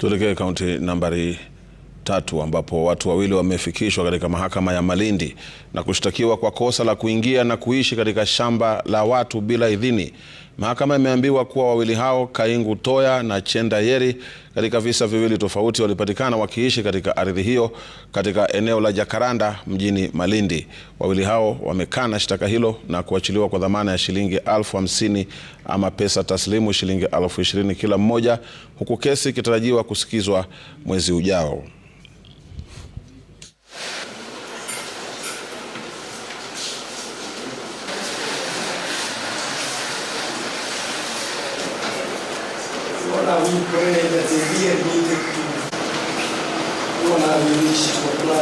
Tuelekee kaunti nambari tatu ambapo watu wawili wamefikishwa katika mahakama ya Malindi na kushtakiwa kwa kosa la kuingia na kuishi katika shamba la watu bila idhini. Mahakama imeambiwa kuwa wawili hao Kaingu Toya na Chenda Yeri katika visa viwili tofauti walipatikana wakiishi katika ardhi hiyo katika eneo la jakaranda mjini Malindi. Wawili hao wamekana shtaka hilo na kuachiliwa kwa dhamana ya shilingi elfu hamsini ama pesa taslimu shilingi elfu ishirini kila mmoja, huku kesi ikitarajiwa kusikizwa mwezi ujao. what are we praying that the year needed to, what